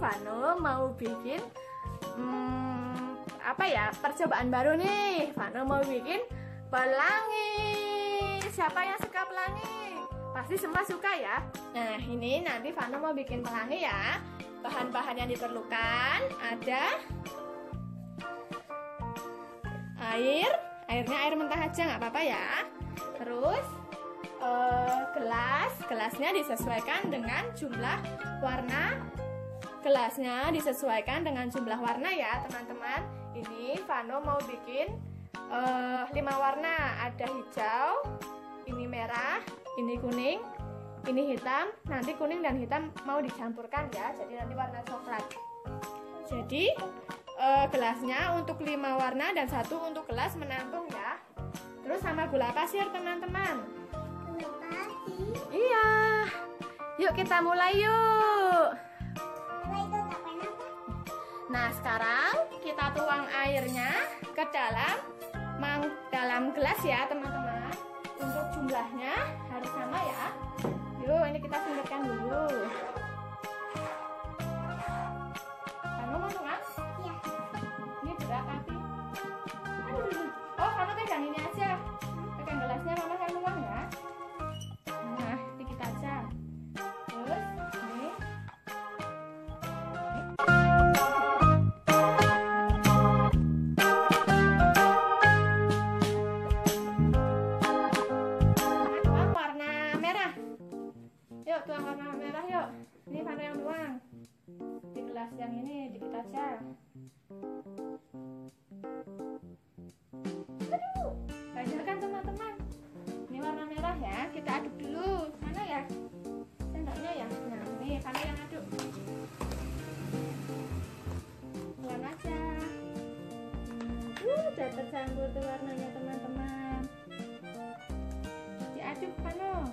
Vano mau bikin hmm, apa ya percobaan baru nih Vano mau bikin pelangi siapa yang suka pelangi pasti semua suka ya nah ini nanti Vano mau bikin pelangi ya bahan-bahan yang diperlukan ada air airnya air mentah aja nggak apa-apa ya terus uh, gelas gelasnya disesuaikan dengan jumlah warna Gelasnya disesuaikan dengan jumlah warna ya teman-teman. Ini Vano mau bikin uh, lima warna. Ada hijau, ini merah, ini kuning, ini hitam. Nanti kuning dan hitam mau dicampurkan ya. Jadi nanti warna coklat. Jadi uh, gelasnya untuk lima warna dan satu untuk gelas menampung ya. Terus sama gula pasir teman-teman. Gula pasir. Iya. Yuk kita mulai yuk. Nah, sekarang kita tuang airnya ke dalam mang dalam gelas ya, teman-teman. Untuk jumlahnya harus sama ya. Yuk, ini kita singkirkan dulu. yuk tuang warna merah yuk ini mana yang tuang di gelas yang ini dikit aja aduh banyak kan teman-teman ini warna merah ya kita aduk dulu mana ya sendoknya ya nah ini karena yang aduk tuang aja uh udah tercampur tuh warnanya teman-teman diaduk pano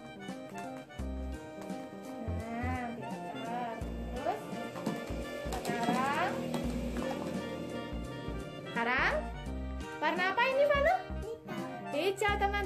加的。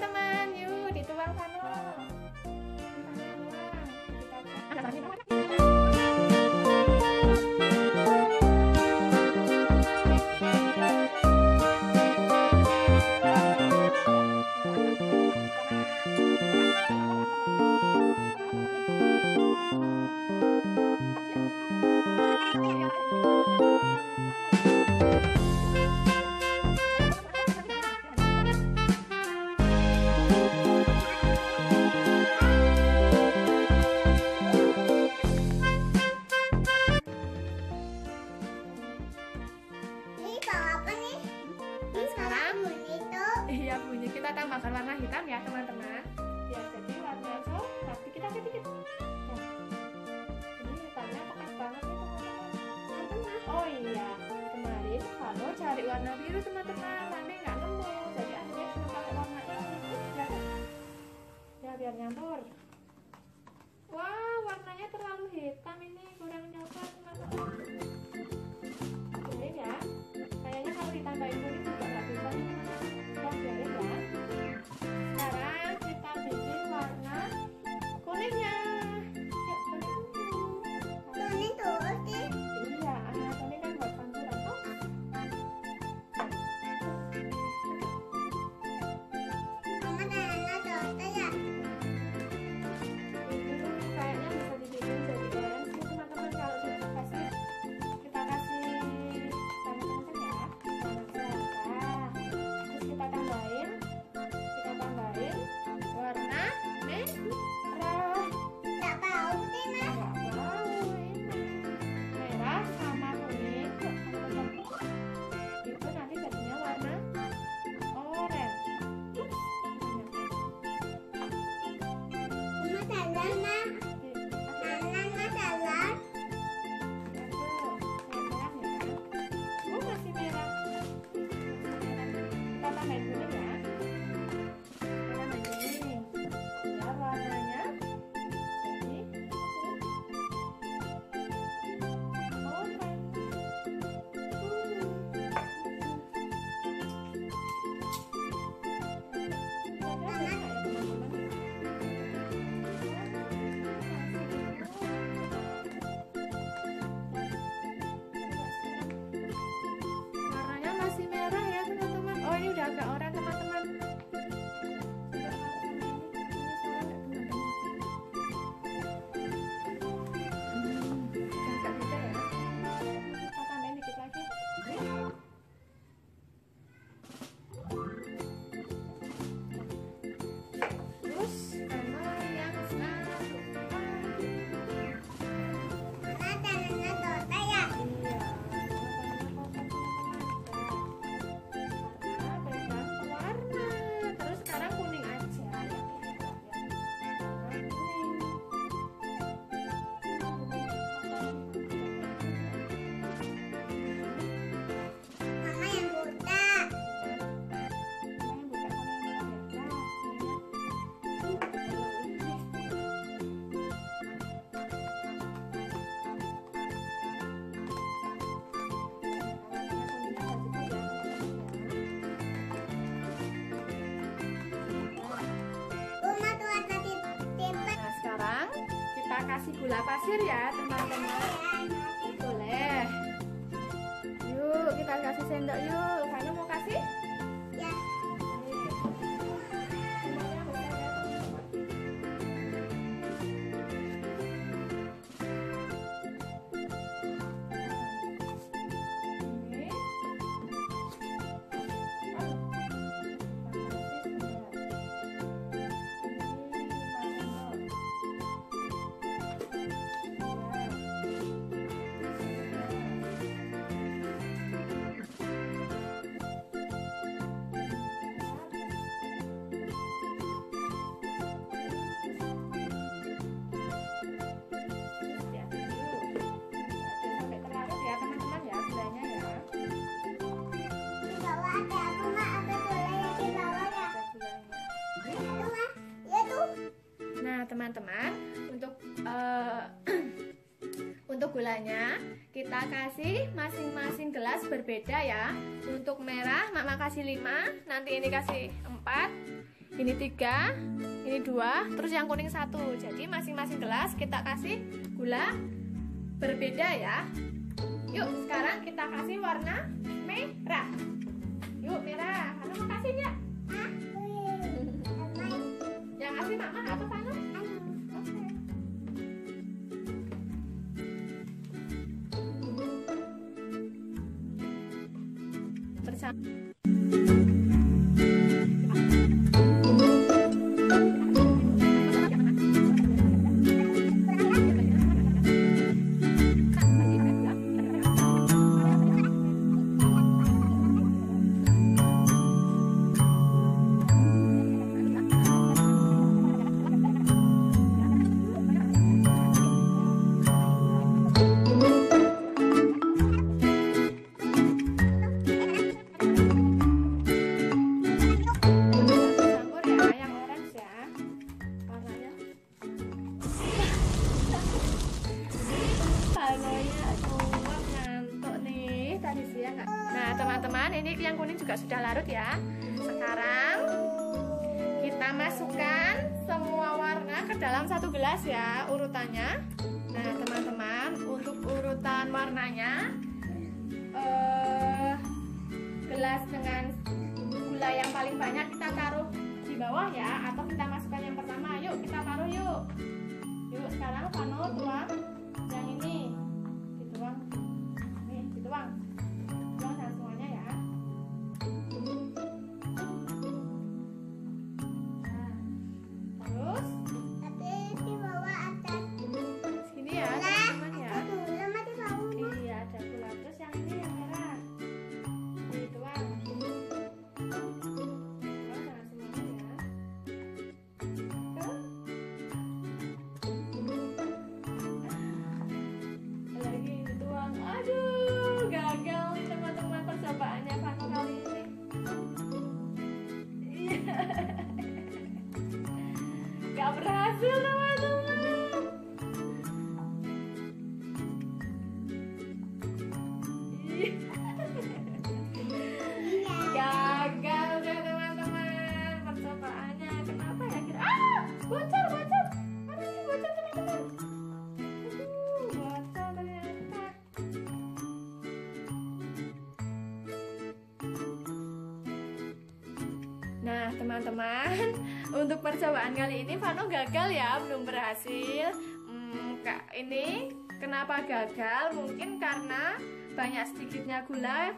Navidad 妈妈。kasih gula pasir ya teman-teman boleh yuk kita kasih sendok yuk Ya. Iya ya nah teman-teman untuk uh, untuk gulanya kita kasih masing-masing gelas berbeda ya untuk merah mama kasih 5 nanti ini kasih 4 ini 3 ini 2 terus yang kuning satu jadi masing-masing gelas kita kasih gula berbeda ya yuk sekarang kita kasih warna merah bu merah kamu mau kasih nggak ya. yang kasih mama apa Hana bersama masukkan semua warna ke dalam satu gelas ya urutannya. Nah, teman-teman, untuk urutan warnanya eh gelas dengan gula yang paling banyak kita taruh di bawah ya atau kita masukkan yang pertama. Yuk, kita taruh yuk. Yuk, sekarang Vano tuang yang ini. teman-teman Untuk percobaan kali ini Vano gagal ya, belum berhasil hmm, Ini kenapa gagal? Mungkin karena banyak sedikitnya gula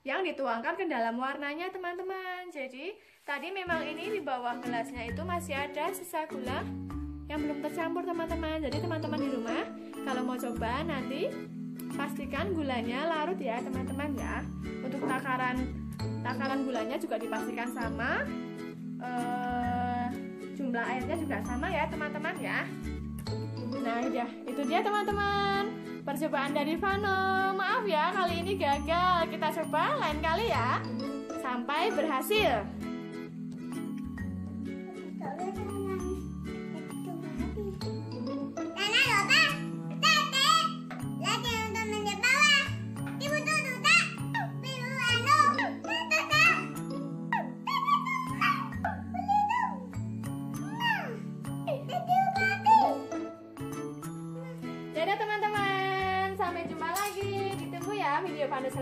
yang dituangkan ke dalam warnanya teman-teman Jadi tadi memang ini di bawah gelasnya itu masih ada sisa gula yang belum tercampur teman-teman Jadi teman-teman di rumah kalau mau coba nanti pastikan gulanya larut ya teman-teman ya Untuk takaran takaran gulanya juga dipastikan sama e, jumlah airnya juga sama ya teman-teman ya nah ya itu dia teman-teman percobaan dari Vano maaf ya kali ini gagal kita coba lain kali ya sampai berhasil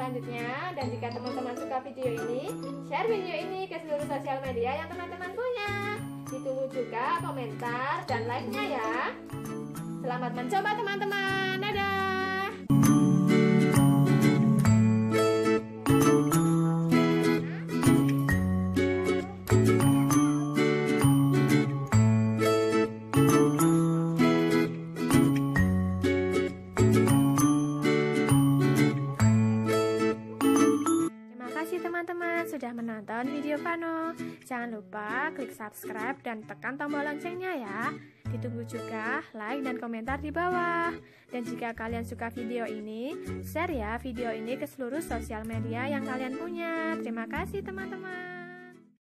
selanjutnya dan jika teman-teman suka video ini, share video ini ke seluruh sosial media yang teman-teman punya. Ditunggu juga komentar dan like-nya ya. Selamat mencoba teman-teman. Dadah. menonton video Vano. Jangan lupa klik subscribe dan tekan tombol loncengnya ya. Ditunggu juga like dan komentar di bawah. Dan jika kalian suka video ini, share ya video ini ke seluruh sosial media yang kalian punya. Terima kasih teman-teman.